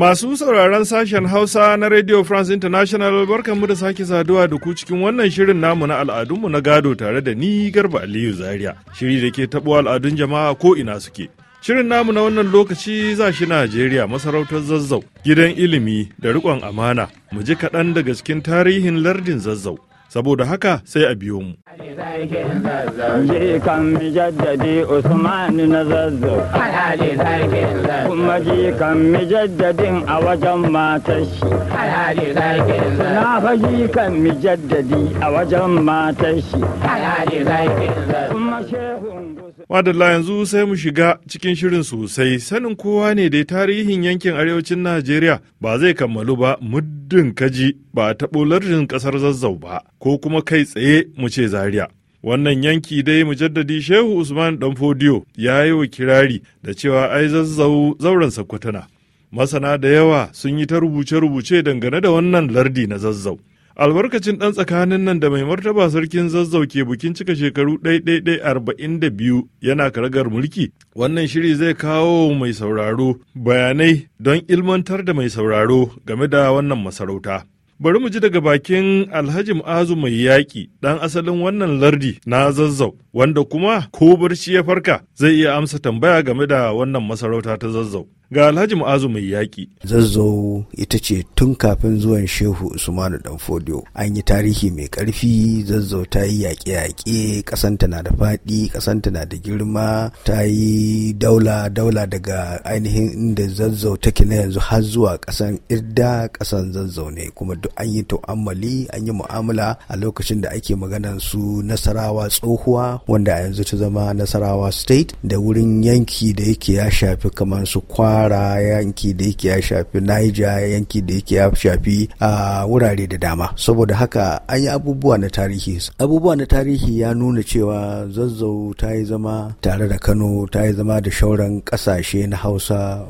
Masu sauraron sashen Hausa na Radio France International barkanmu da sake saduwa da ku cikin wannan shirin namu na al'adunmu na gado tare da ni Garba Aliyu Zaria. Shiri da ke taɓo al'adun jama'a ko ina suke. Shirin namu na wannan lokaci za shi Najeriya masarautar zazzau, gidan ilimi da riƙon amana, mu ji kaɗan daga cikin tarihin lardin zazzau. saboda haka sai a biyo mu. Jikan mijaddadi Usman na zazzau. Kuma jikan mijaddadin a wajen matar shi. Na fa mijaddadi a wajen matar shi. Wadalla yanzu sai mu shiga cikin shirin sosai sanin kowa ne dai tarihin yankin arewacin Najeriya ba zai kammalu ba muddin kaji ba a taɓo lardin ƙasar zazzau ba ko kuma kai tsaye mu ce Zaria. Wannan yanki dai mujaddadi Shehu Usman Danfodiyo ya yi wa kirari da cewa ai zazzau zauren sakkwatana. Masana da yawa sun yi ta rubuce-rubuce dangane da wannan lardi na zazzau. albarkacin ɗan tsakanin nan da mai martaba sarkin zazzau ke bukin cika shekaru ɗai-ɗai-ɗai arba'in da biyu yana karagar mulki wannan shiri zai kawo mai sauraro bayanai don ilmantar da mai sauraro game da wannan masarauta bari mu ji daga bakin alhaji mu'azu mai yaƙi ɗan asalin wannan lardi na zazzau wanda kuma ko barci ya farka zai iya amsa tambaya game da wannan masarauta ta zazzau. Ga Alhaji Mu'azu mai yaƙi. Zazzau ita ce tun kafin zuwan Shehu Usmanu Danfodiyo. An yi tarihi mai ƙarfi, zazzau ta yi yaƙe-yaƙe, ƙasanta na da faɗi, ƙasanta na da girma, ta yi daula daula daga ainihin inda zazzau take na yanzu har zuwa ƙasan Irda ƙasan zazzau ne kuma duk an yi ta'ammali an yi mu'amala a lokacin da ake maganan su nasarawa tsohuwa wanda a yanzu ta zama nasarawa state da wurin yanki da yake ya shafi kamar su kwara yanki da yake ya shafi niger yanki da yake ya shafi a wurare da dama saboda haka an yi abubuwa na tarihi abubuwa na tarihi ya nuna cewa zazzau ta yi zama tare da kano ta yi zama da shauran kasashe na hausa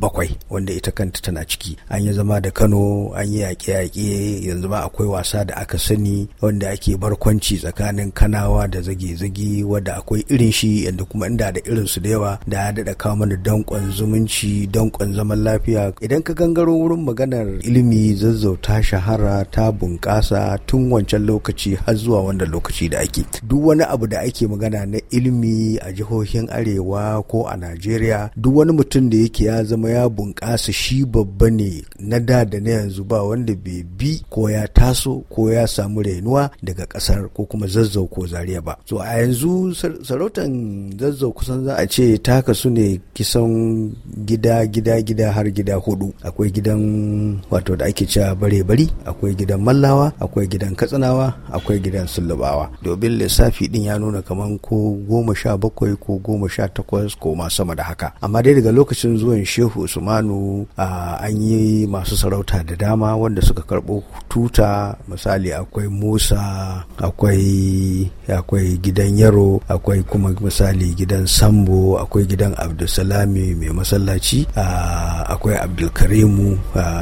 bakwai wanda ita kanta tana ciki an yi zama da kano an yi yaƙe-yaƙe yanzu ma akwai wasa da aka sani wanda ake barkwanci tsakanin kanawa da zage-zage jirgi wadda akwai irin shi yadda kuma inda da irin su da yawa da ya daɗa kawo mana danƙon zumunci danƙon zaman lafiya idan ka gangaro wurin maganar ilimi zazzauta shahara ta bunƙasa tun wancan lokaci har zuwa wanda lokaci da ake duk wani abu da ake magana na ilimi a jihohin arewa ko a najeriya duk wani mutum da yake ya zama ya bunƙasa shi babba ne na da da na yanzu ba wanda bai bi ko ya taso ko ya samu rainuwa daga ƙasar ko kuma zazzau ko zariya ba so a yanzu sarautar zazzau kusan za a ce ta kasu ne kisan gida gida gida har gida hudu akwai gidan wato da ake cewa bare bari akwai gidan mallawa akwai gidan katsinawa akwai gidan sullubawa domin lissafi din ya nuna kamar ko goma sha bakwai ko goma sha takwas ko ma sama da haka amma dai daga lokacin zuwan shehu usmanu an yi masu sarauta da dama wanda suka karɓo tuta misali akwai musa akwai akwai gidan yaro akwai kuma misali gidan sambo akwai gidan abdulsalami mai masallaci akwai abdulkarimu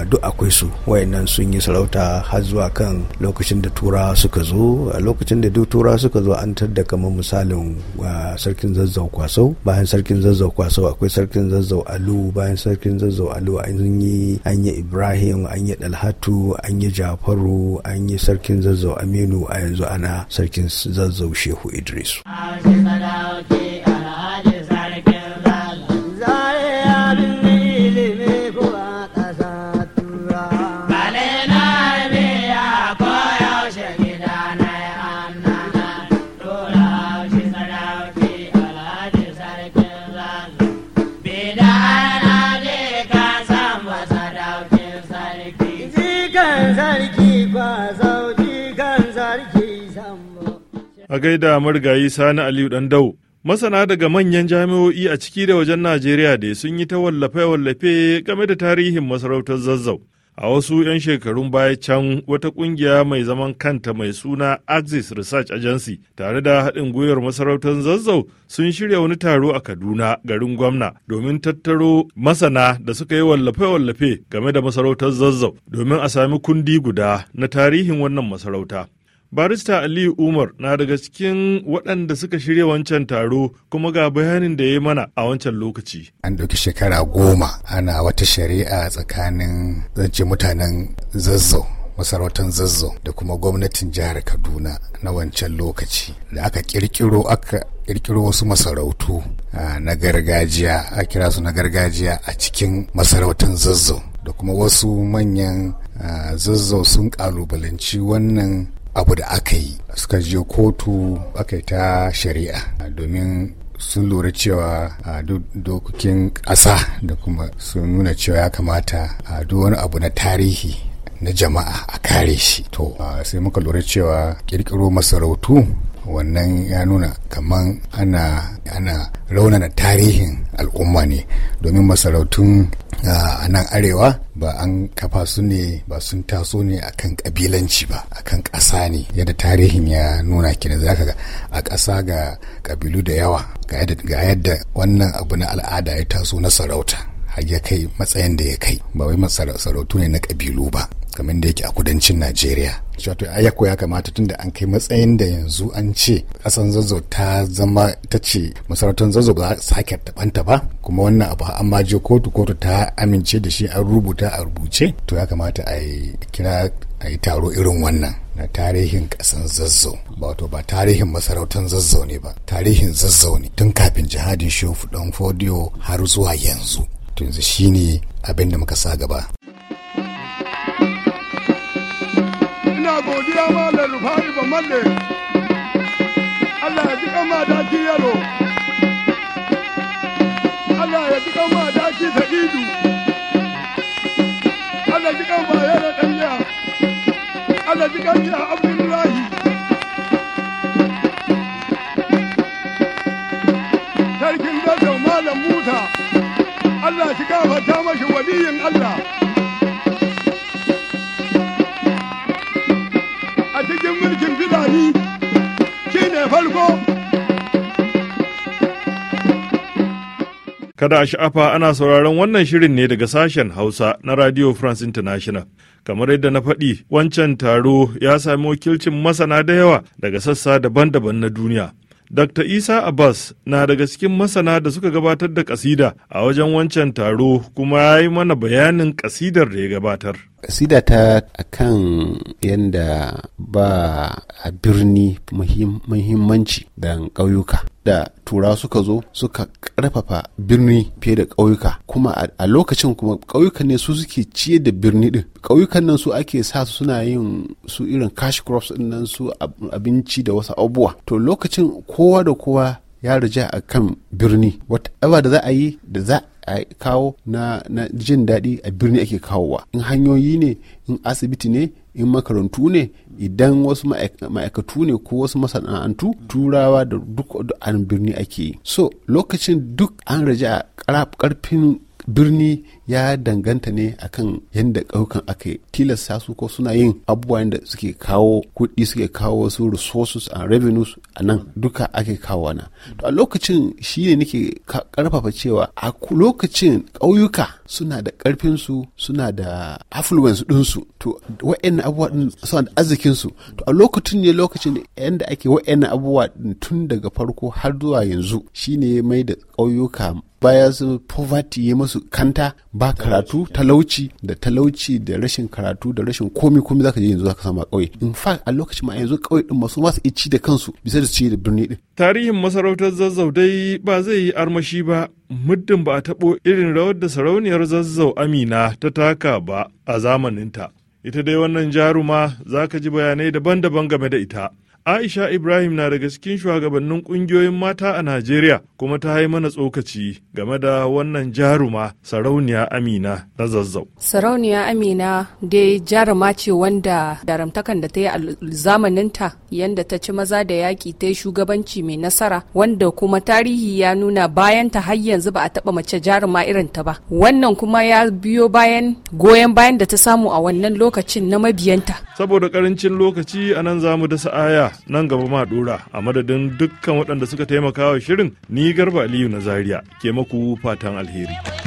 duk akwai su wayannan sun yi sarauta har zuwa kan lokacin da tura suka zo a lokacin da duk tura suka zo an tadda kamar misalin sarkin zazzau kwasau bayan sarkin zazzau kwasau akwai sarkin zazzau alu bayan sarkin zazzau alu an yi an yi ibrahim an yi dalhatu an yi jafaru an yi sarkin zazzau aminu a yanzu ana sarkin zazzau shehu idris isso. a gaida marigayi Sani Aliyu dau Masana daga manyan jami'o'i a ciki da wajen Najeriya da sun yi ta wallafe-wallafe game da tarihin masarautar zazzau. A wasu 'yan shekarun baya can wata kungiya mai zaman kanta mai suna Axis Research Agency tare da haɗin gwiwar masarautar zazzau sun shirya wani taro a Kaduna garin gwamna domin tattaro masana da suka yi wallafe-wallafe game da masarautar zazzau domin a sami kundi guda na tarihin wannan masarauta. Barista Aliyu Umar na daga cikin waɗanda suka shirya wancan taro kuma ga bayanin da ya mana a wancan lokaci. An ɗauki shekara goma ana wata shari'a tsakanin zance mutanen zazzau. masarautar zazzau da kuma gwamnatin jihar kaduna na wancan lokaci da aka kirkiro aka kirkiro wasu masarautu na gargajiya a kira su na gargajiya a cikin masarautar zazzau da kuma wasu manyan zazzau sun kalubalanci wannan abu da aka yi suka je kotu aka yi ta shari'a domin sun lura cewa a dokokin ƙasa da kuma sun nuna cewa ya kamata a duk wani abu na tarihi na jama'a a kare shi to sai muka lura cewa ƙirƙiro masarautu wannan ya nuna kaman ana raunana tarihin al'umma ne domin masarautun a nan arewa ba an kafa su ne ba sun taso ne akan kabilanci ba akan ƙasa ne yadda tarihin ya nuna kenan zaka ga a ƙasa ga kabilu da yawa ga yadda wannan abu na al'ada ya taso na sarauta har ya kai matsayin da ya kai ba wai sarautu ne na kabilu ba kamar da yake a kudancin Najeriya. shato ayyako ya kamata tun da an kai matsayin da yanzu an ce kasan zazzau ta zama ta ce masarautar zazzau ba sake tabanta ba kuma wannan abu an je kotu kotu ta amince da shi an rubuta a rubuce to ya kamata a kira a yi taro irin wannan na tarihin kasan zazzau ba wato ba tarihin masarautar zazzau ne ba tarihin zazzau ne tun kafin jihadin shofu don fodiyo har zuwa yanzu to yanzu shine abin da muka sa gaba ina godiya ma da rufari ba malle Allah ya ji kama da ki yaro Allah ya ji kama da ki sa'idu Allah ya ji kama yana ɗanya, Allah ya ji kama mashi Allah a cikin mulkin shi Kada a sha'afa ana sauraron wannan shirin ne daga sashen Hausa na Radio France International. Kamar yadda na faɗi, wancan taro ya sami wakilcin masana da yawa daga sassa daban-daban na duniya. Dr. Isa Abbas na daga cikin masana da suka gabatar da kasida a wajen wancan taro kuma ya yi mana bayanin kasidar da ya gabatar. Kasida ta akan yadda ba a birni muhimmanci dan ƙauyuka da tura suka zo suka karfafa birni fiye da ƙauyuka kuma a lokacin kuma ƙauyukan ne su suke ciye da birni din ƙauyukan nan su ake sa su suna yin su irin cash crops din nan su abinci da wasu abubuwa to lokacin kowa da kowa ya rija a kan birni whatever da za a yi da za a kawo na, jin daɗi a birni ake kawowa in hanyoyi ne in asibiti ne in makarantu ne idan wasu ma'aikatu ne ko wasu masana'antu turawa da duk an birni ake yi so lokacin duk an raja a karfin birni ya danganta ne akan yadda ƙauyukan aka tilasta su ko suna yin abubuwan da suke kawo kuɗi suke kawo su resources and revenues a nan duka ake kawo na to a lokacin shi ne nake karfafa cewa a lokacin ƙauyuka suna da ƙarfin su suna da affluence ɗinsu to wa'annan abubuwa ɗin suna da arzikin su to a lokacin ne lokacin da yadda ake wa'annan abubuwa tun daga farko har zuwa yanzu shine mai da ƙauyuka baya su poverty ya masu kanta ba karatu talauci da talauci da rashin karatu da rashin komi komi zaka je yanzu zaka samu a ƙauye in fact a lokacin ma yanzu ƙauye din masu masu ici da kansu bisa da ci da birni din tarihin masarautar zazzau dai ba zai yi armashi ba muddin ba a taɓo irin rawar da sarauniyar zazzau amina ta taka ba a zamaninta ita dai wannan jaruma zaka ji bayanai daban-daban game da ita Aisha Ibrahim na daga cikin shugabannin kungiyoyin mata a Najeriya kuma ta yi mana tsokaci game da wannan jaruma Sarauniya Amina na zazzau. Sarauniya Amina dai jaruma ce wanda daramtakan da ta yi a zamaninta yadda ta ci maza da yaƙi ta yi shugabanci mai nasara wanda kuma tarihi ya nuna bayan ta har yanzu ba a taɓa mace jaruma irin ta ba. Wannan kuma ya biyo bayan goyon bayan da ta samu a wannan lokacin na mabiyanta. Saboda ƙarancin lokaci a nan za mu dasa aya nan gaba ma dora a madadin dukkan waɗanda suka taimaka wa shirin ni garba aliyu na zaria ke maku fatan alheri.